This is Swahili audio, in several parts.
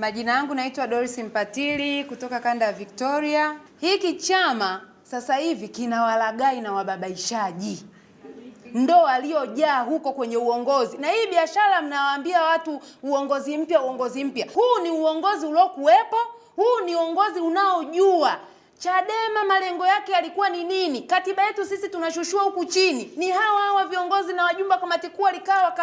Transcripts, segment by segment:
Majina yangu naitwa Doris Mpatili kutoka kanda ya Victoria. Hiki chama sasa hivi kina walagai na wababaishaji ndo waliojaa huko kwenye uongozi, na hii biashara mnawaambia watu uongozi mpya, uongozi mpya. Huu ni uongozi uliokuwepo, huu ni uongozi unaojua Chadema malengo yake yalikuwa ni nini? Katiba yetu sisi tunashushua huku chini, ni hawa hawa viongozi na wajumbe wa kamati kuu walikaa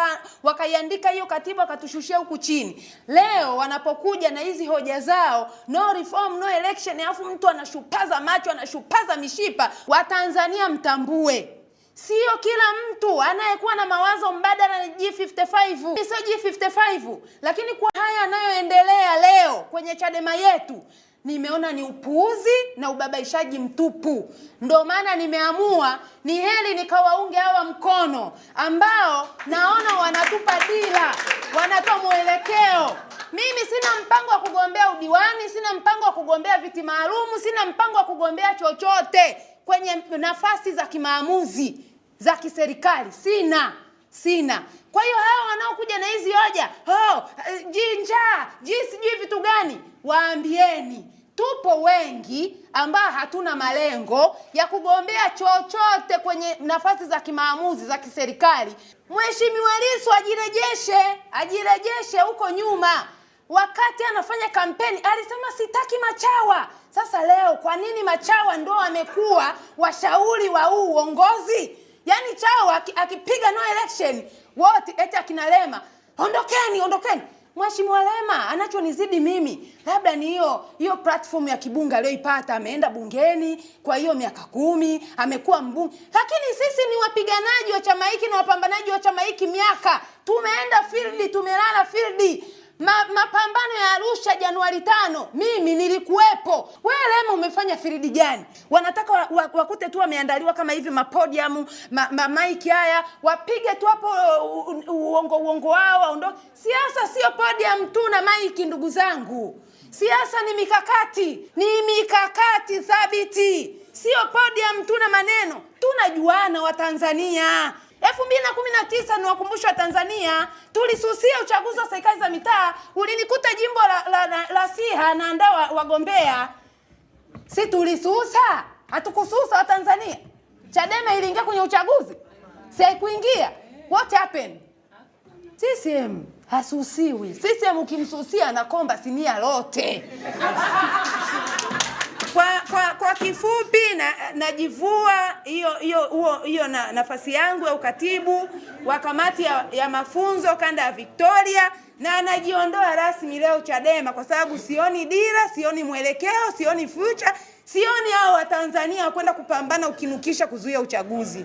wakaiandika hiyo katiba wakatushushia huku chini. Leo wanapokuja na hizi hoja zao no reform, no election, alafu mtu anashupaza macho anashupaza mishipa, Watanzania mtambue Sio kila mtu anayekuwa na mawazo mbadala ni G55, sio G55. Lakini kwa haya yanayoendelea leo kwenye Chadema yetu nimeona ni upuuzi na ubabaishaji mtupu. Ndio maana nimeamua ni heri nikawaunge hawa mkono ambao naona wanatupa dira, wanatoa mwelekeo. Mimi sina mpango wa kugombea udiwani, sina mpango wa kugombea viti maalumu, sina mpango wa kugombea chochote kwenye nafasi za kimaamuzi za kiserikali, sina sina. Kwa hiyo hao wanaokuja na hizi hoja oh, eh, jinja njaa ji sijui vitu gani, waambieni tupo wengi ambao hatuna malengo ya kugombea chochote kwenye nafasi za kimaamuzi za kiserikali. Mheshimiwa Lissu ajirejeshe, ajirejeshe huko nyuma. Wakati anafanya kampeni alisema sitaki machawa. Sasa leo kwa nini machawa ndo amekuwa washauri wa huu uongozi? Yaani chawa akipiga no election wote eti akinalema ondokeni, ondokeni. Mheshimiwa Lema anachonizidi mimi labda ni hiyo hiyo platform ya kibunge aliyoipata. Ameenda bungeni kwa hiyo miaka kumi amekuwa mbunge, lakini sisi ni wapiganaji wa chama hiki na wapambanaji wa chama hiki miaka, tumeenda field, tumelala field Ma, mapambano ya Arusha Januari tano, mimi nilikuwepo. Wewe Lema umefanya firidi gani? Wanataka wakute wa, wa tu wameandaliwa kama hivi mapodium ma, ma maiki haya wapige tu hapo uongo uongo wao waondoke. Siasa sio podium tu na maiki, ndugu zangu. Siasa ni mikakati, ni mikakati thabiti, sio podium tu na maneno. Tunajuana Watanzania elfu mbili na kumi na tisa wa Tanzania, tulisusia uchaguzi wa serikali za mitaa, ulinikuta jimbo la, la, la, la Siha naandaa wagombea, si tulisusa? Hatukususa wa Tanzania. Chadema iliingia kwenye uchaguzi, si haikuingia? What happened? CCM hasusiwi. CCM ukimsusia anakomba sinia lote kwa, kwa, kwa kifupi najivua na hiyo na, nafasi yangu ya ukatibu wa kamati ya, ya mafunzo kanda ya Victoria na najiondoa rasmi leo Chadema kwa sababu sioni dira, sioni mwelekeo, sioni future, sioni hao Watanzania kwenda kupambana ukinukisha kuzuia uchaguzi.